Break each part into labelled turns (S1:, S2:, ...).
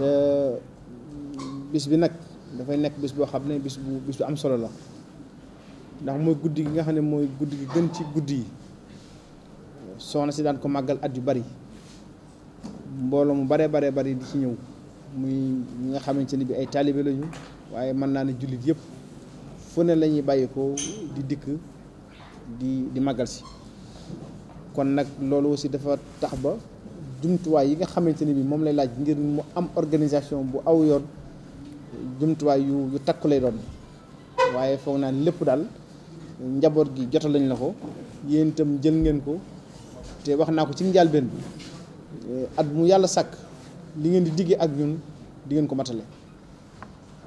S1: te bis bi nag dafay nekk bis boo xam ne bis bu am solo la ndax mooy guddi gi nga xam ne mooy guddi gi gën ci guddi yi soxna si daan ko màggal at yu bari mbooloo mu bare bare bari di ci ñëw muy ñi nga xamante ni bi ay taalibe lañu waaye mën naa ne jullit yëpp fu ne la bàyyi ko di dikk di di màggal si kon nag loolu aussi dafa tax ba jumtuwaay yi nga xamante ni bi moom lay laaj ngir mu am organisation bu aw yoon jumtuwaay yu yu takku lay doon waaye foog naa lépp daal njaboot gi jotal lañ la ko yéen itam jël ngeen ko te wax naa ko ci njàlbeen bi eh, at mu yàlla sàkk li ngeen di diggee ak ñun di ngeen ko matale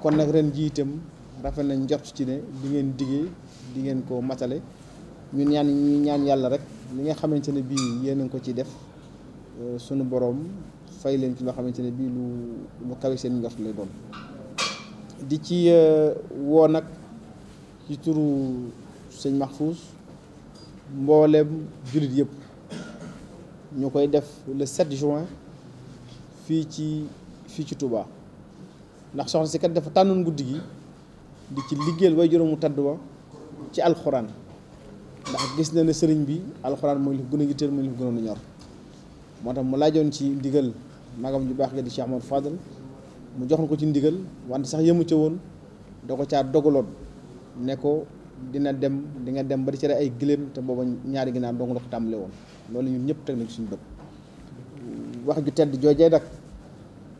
S1: kon nag ren jiitam itam rafet nañ jot ci ne di ngeen diggee di ngeen ko matale ñu ñaan ñu ñaan yàlla rek li nga xamante ne bii yéen a ko ci def Euh, sunu boroom fay leen ci loo xamante ne bii lu lu kawe seen njort lay doon di ci euh, woo nag ci turu sëñ Mahfouz mboolem jullit yëpp ñu koy def le 7 join fii ci fii ci Touba ndax soxna si kat dafa tànnoon guddi gi di ci liggéeyal way juróomu tàdd wa ci alxuraan ndax gis na ne sëriñ bi alxuraan mooy li gën a yitteel mooy li gënoon a ñor. moo tax mu laajoon ci ndigal magam ju baax nga di Cheikh Ahmadou Fadal mu joxoon ko ci ndigal wante sax yëmu ca woon da ko caa dogaloon ne ko dina dem di nga dem ba di cere ay giléem te booba ñaari ginaar dong la ko tàmbale woon loolu ñun ñëpp teg nañ suñu bët wax ju tedd joojee nag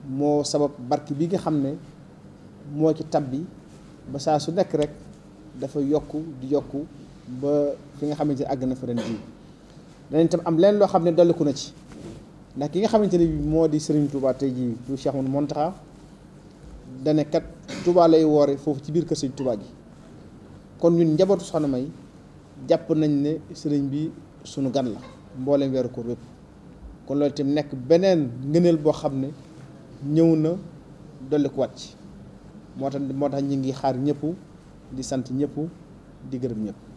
S1: moo sabab bark bi nga xam ne moo ci tab bi ba saa su nekk rek dafa yokk di yokk ba fi nga xamante ne àgg na fa ren jii danañ tam am leen loo xam ne dolliku na ci ndax ki nga xamante ne bii moo di Serigne Touba tey jii du Cheikh Mouhamadou Mountakha dane lay woore foofu ci biir kër Serigne Touba gi kon ñun njabootu soxna May jàpp nañ ne sëriñ bi sunu gan la mboolem weeru koor wépp kon loolu itam nekk beneen ngeneel boo xam ne ñëw na dolli ko wàcc moo tax moo tax ñu ngi xaar ñëpp di sant ñëpp di gërëm ñëpp.